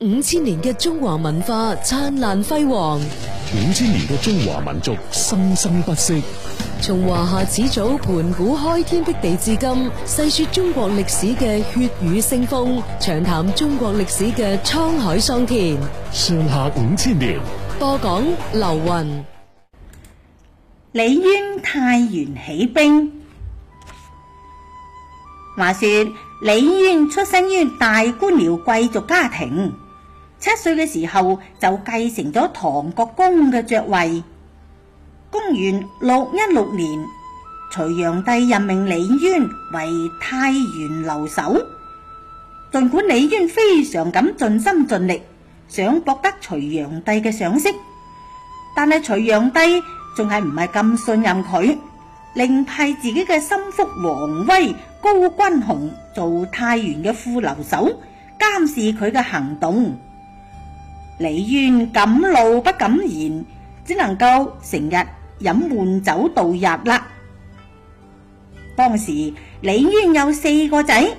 五千年嘅中華文化燦爛輝煌，五千年嘅中華民族生生不息。從華夏始祖盤古開天辟地至今，細說中國歷史嘅血雨腥風，長談中國歷史嘅滄海桑田。上下五千年，多講流雲。李淵太原起兵。話說李淵出生於大官僚貴族家庭。七歲嘅時候就繼承咗唐國公嘅爵位。公元六一六年，隋煬帝任命李淵為太原留守。盡管李淵非常咁盡心盡力，想博得隋煬帝嘅賞識，但係隋煬帝仲係唔係咁信任佢，另派自己嘅心腹王威、高君雄做太原嘅副留守，監視佢嘅行動。李淵敢怒不敢言，只能夠成日飲悶酒度日啦。當時李淵有四個仔，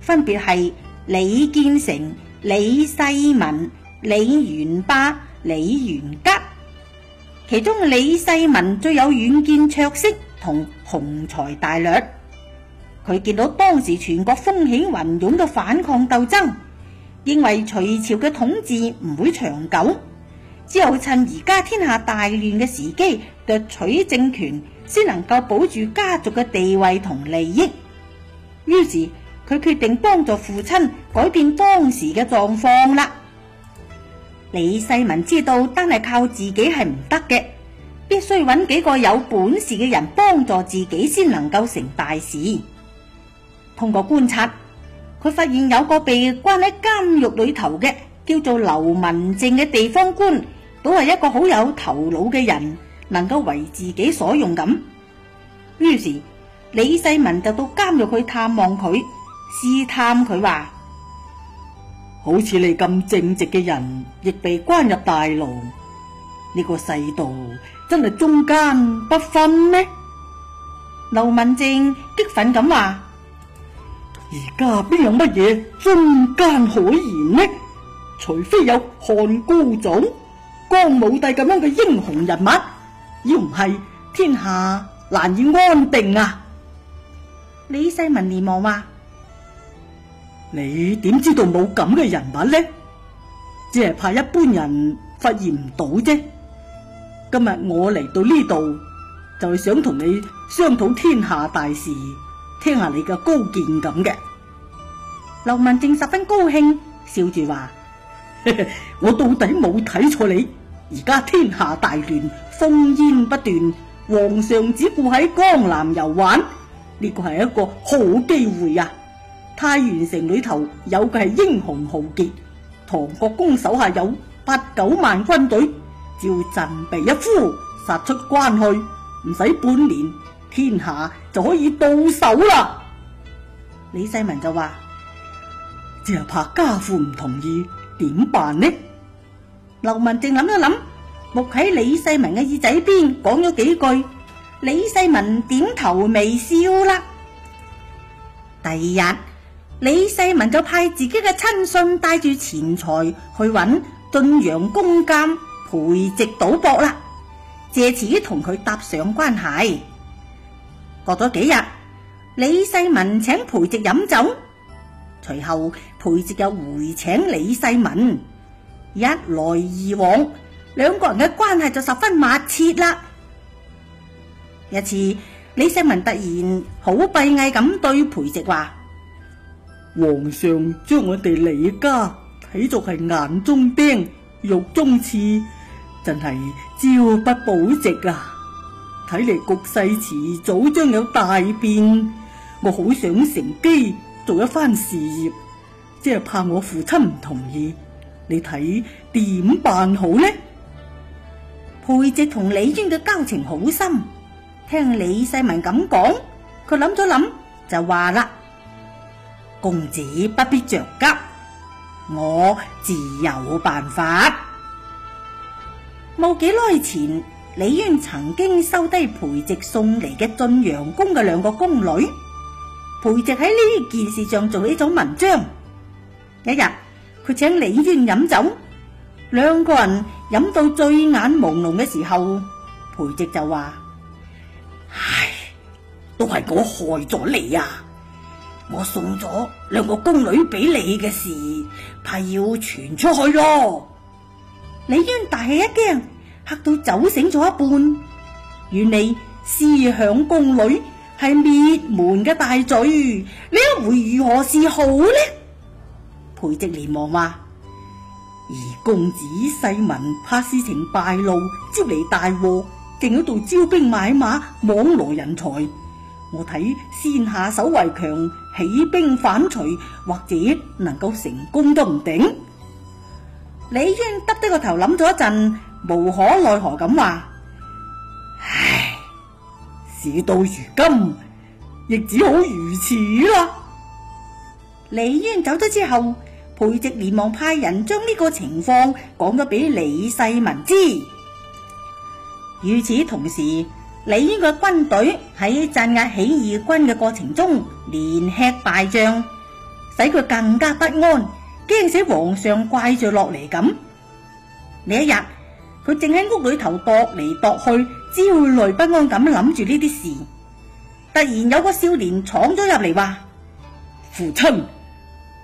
分別係李建成、李世民、李元霸、李元吉。其中李世民最有遠見卓識同雄才大略，佢見到當時全國風起雲湧嘅反抗鬥爭。認為隋朝嘅統治唔會長久，只有趁而家天下大亂嘅時機，奪取政權，先能夠保住家族嘅地位同利益。於是，佢決定幫助父親改變當時嘅狀況啦。李世民知道，單係靠自己係唔得嘅，必須揾幾個有本事嘅人幫助自己，先能夠成大事。通過觀察。佢發現有個被關喺監獄裏頭嘅，叫做劉文靜嘅地方官，都係一個好有頭腦嘅人，能夠為自己所用咁。於是李世民就到監獄去探望佢，試探佢話：好似你咁正直嘅人，亦被關入大牢，呢個世道真係中間不分咩？劉文靜激憤咁話。而家邊有乜嘢中間可言呢？除非有漢高祖、光武帝咁樣嘅英雄人物，要唔係天下難以安定啊！李世民連忙話：你點知道冇咁嘅人物呢？只係怕一般人發現唔到啫。今日我嚟到呢度就係、是、想同你商討天下大事。聽下你嘅高見咁嘅，劉文靜十分高興，笑住話：我到底冇睇錯你。而家天下大亂，烽煙不斷，皇上只顧喺江南遊玩，呢個係一個好機會啊！太原城裏頭有嘅係英雄豪傑，唐國公手下有八九萬軍隊，只要振臂一呼，殺出關去，唔使半年。天下就可以到手啦。李世民就話：只係怕家父唔同意，點辦呢？劉文靜諗一諗，木喺李世民嘅耳仔邊講咗幾句，李世民點頭微笑啦。第二日，李世民就派自己嘅親信帶住錢財去搵晉陽宮監裴寂賭博啦，借此同佢搭上關係。過咗幾日，李世民請裴寂飲酒，隨後裴寂又回請李世民，一來二往，兩個人嘅關係就十分密切啦。一次，李世民突然好閉翳咁對裴寂話：皇上將我哋李家睇作係眼中釘、肉中刺，真係朝不保夕啊！睇嚟局勢遲早將有大變，我好想乘機做一番事業，即係怕我父親唔同意，你睇點辦好呢？裴寂同李淵嘅交情好深，聽李世民咁講，佢諗咗諗就話啦：公子不必着急，我自有辦法。冇幾耐前。李淵曾經收低裴寂送嚟嘅晉陽宮嘅兩個宮女，裴寂喺呢件事上做呢種文章。一日，佢請李淵飲酒，兩個人飲到醉眼朦朧嘅時候，裴寂就話：唉，都係我害咗你啊！我送咗兩個宮女俾你嘅事，怕要傳出去咯。李淵大吃一驚。吓到酒醒咗一半，原來私享宮女係滅門嘅大罪，你一回如何是好呢？裴寂連忙話：而公子世民怕事情敗露，招嚟大禍，竟喺度招兵買馬，網羅人才。我睇先下手為強，起兵反隋，或者能夠成功都唔定。李淵耷低個頭諗咗一陣。無可奈何咁話，唉，事到如今亦只好如此啦，啊。李淵走咗之後，裴寂連忙派人將呢個情況講咗俾李世民知。與此同時，李淵嘅軍隊喺鎮壓起義軍嘅過程中連吃敗仗，使佢更加不安，驚死皇上怪罪落嚟咁。呢一日。佢正喺屋裏頭踱嚟踱去，焦慮不安咁諗住呢啲事。突然有個少年闖咗入嚟，話：父親，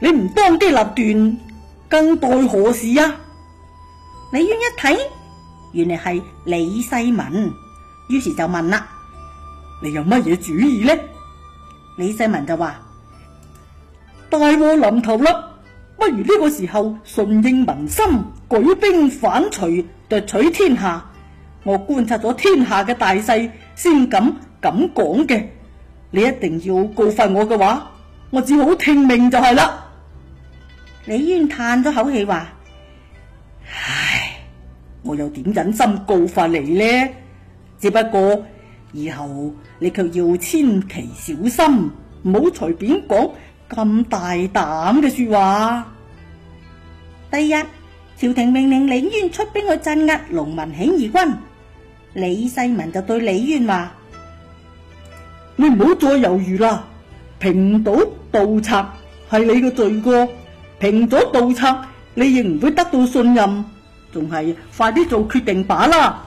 你唔當機立斷，更待何時啊？李淵一睇，原嚟係李世民，於是就問啦：你有乜嘢主意呢？李世民就說」李世民就話：大禍臨頭啦！不如呢個時候順應民心，舉兵反隋，奪取天下。我觀察咗天下嘅大勢，先敢咁講嘅。你一定要告發我嘅話，我只好聽命就係啦。李淵嘆咗口氣話：唉，我又點忍心告發你呢？只不過以後你卻要千祈小心，唔好隨便講。咁大膽嘅說話！第二日，朝廷命令李淵出兵去鎮壓農民起義軍。李世民就對李淵話：，你唔好再猶豫啦！平到盜賊係你嘅罪過，平咗盜賊，你亦唔會得到信任，仲係快啲做決定罷啦！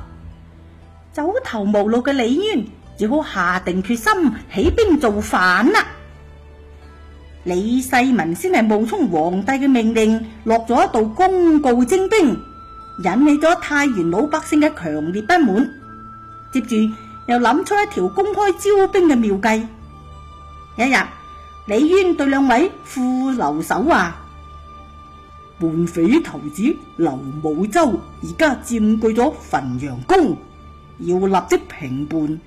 走投無路嘅李淵只好下定決心起兵造反啦！李世民先係冒充皇帝嘅命令，落咗一道公告徵兵，引起咗太原老百姓嘅強烈不滿。接住又諗出一條公開招兵嘅妙計。有一日，李淵對兩位副留守話：叛匪頭子劉武周而家占據咗汾陽宮，要立即平叛，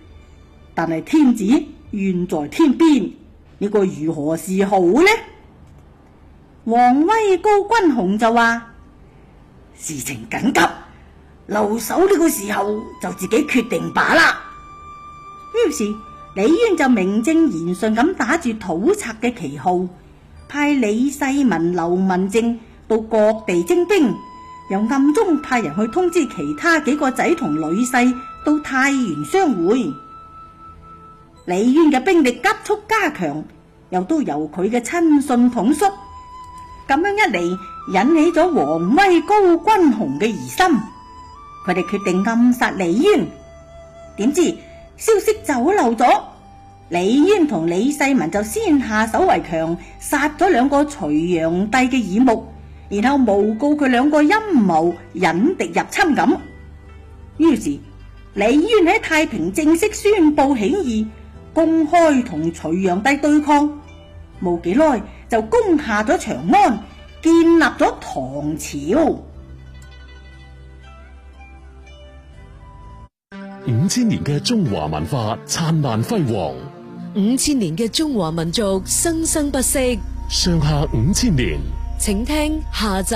但係天子遠在天邊。呢個如何是好呢？王威高君雄就話：事情緊急，留守呢個時候就自己決定吧啦。於是李淵就名正言順咁打住土賊嘅旗號，派李世民、劉文靜到各地徵兵，又暗中派人去通知其他幾個仔同女婿到太原相會。李淵嘅兵力急速加強。又都由佢嘅親信統率，咁樣一嚟引起咗王威高君雄嘅疑心，佢哋決定暗殺李淵，點知消息走漏咗，李淵同李世民就先下手為強，殺咗兩個隋煬帝嘅耳目，然後誣告佢兩個陰謀引敵入侵咁。於是李淵喺太原正式宣布起義，公開同隋煬帝對抗。冇幾耐就攻下咗長安，建立咗唐朝。五千年嘅中華文化燦爛輝煌，五千年嘅中華民族生生不息。上下五千年，請聽下集。